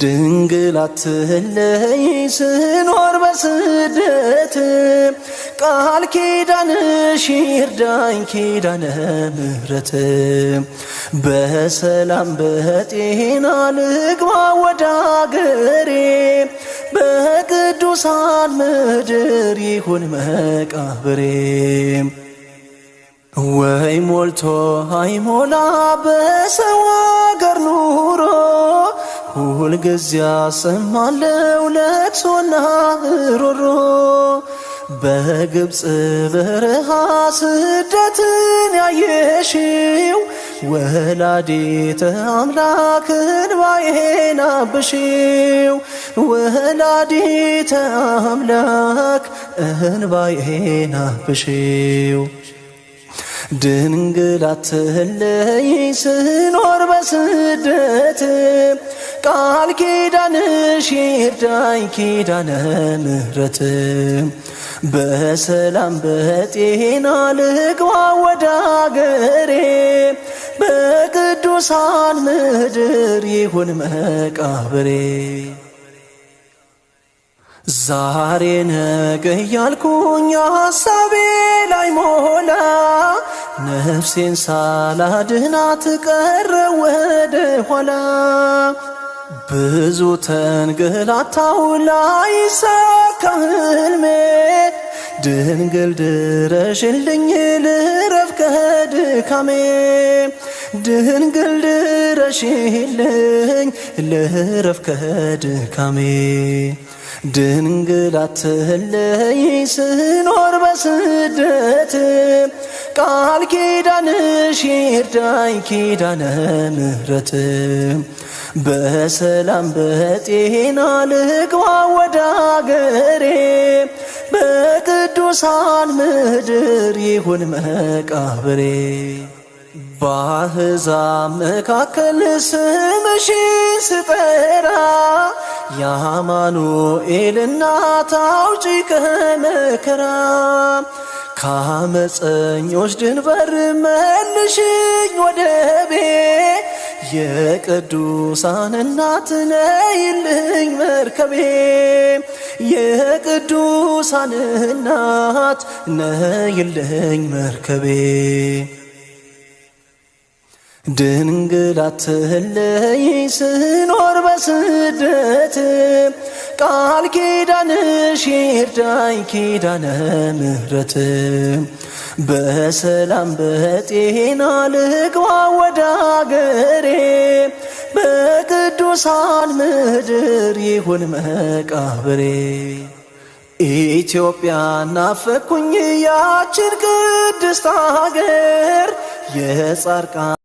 ድንግል አትለይ ስኖር በስደት ቃል ኪዳንሽ ይርዳኝ ኪዳነ ምሕረት በሰላም በጤና ልግባ ወደ አገሬ በቅዱሳን ምድር ይሁን መቃብሬ ወይ ሞልቶ አይሞላ በሰው አገር ኑሮ ጊዜ ያሰማለው ለቅሶና ሮሮ በግብፅ በረሃ ስደትን ያየሽው ወላዲተ አምላክ እንባዬን አብሽው ወላዲተ አምላክ እንባዬን አብሺው ድንግል አትለይ ስኖር በስደት ቃል ኪዳንሽ ይርዳኝ ኪዳነ ምሕረት በሰላም በጤና ልግባ ወደ አገሬ በቅዱሳን ምድር ይሁን መቃብሬ ዛሬ ነገ እያልኩኝ ሐሳቤ ላይ ሞላ ነፍሴን ሳላድናት ቀረ ወደ ኋላ ብዙ ተንገላታው ላይሳካ ህልሜ ድንግል ድረሽልኝ ልረፍ ከድካሜ ድንግል ድረሽልኝ ልረፍ ከድካሜ ድንግል አትለይ ስኖር በስደት ቃል ኪዳንሽ ይርዳኝ ኪዳነ ምሕረት በሰላም በጤና ልግባ ወደ አገሬ በቅዱሳን ምድር ይሁን መቃብሬ ባሕዛብ መካከል ስምሽን ስጠራ የአማኑኤል እናት አውጪ ከመከራ ከአመፀኞች ድንበር መልሽኝ ወደ ቤ የቅዱሳን እናት ነይልኝ መርከቤ የቅዱሳን እናት ነይልኝ መርከቤ ድንግል ስኖር በስደት ቃል ኪዳንሽ ይርዳኝ ኪዳነ ምህረት በሰላም በጤና ልግባ ወደ አገሬ በቅዱሳን ምድር ይሁን መቃብሬ ኢትዮጵያ ናፈኩኝ ያችን ቅድስት አገር የጻርቃ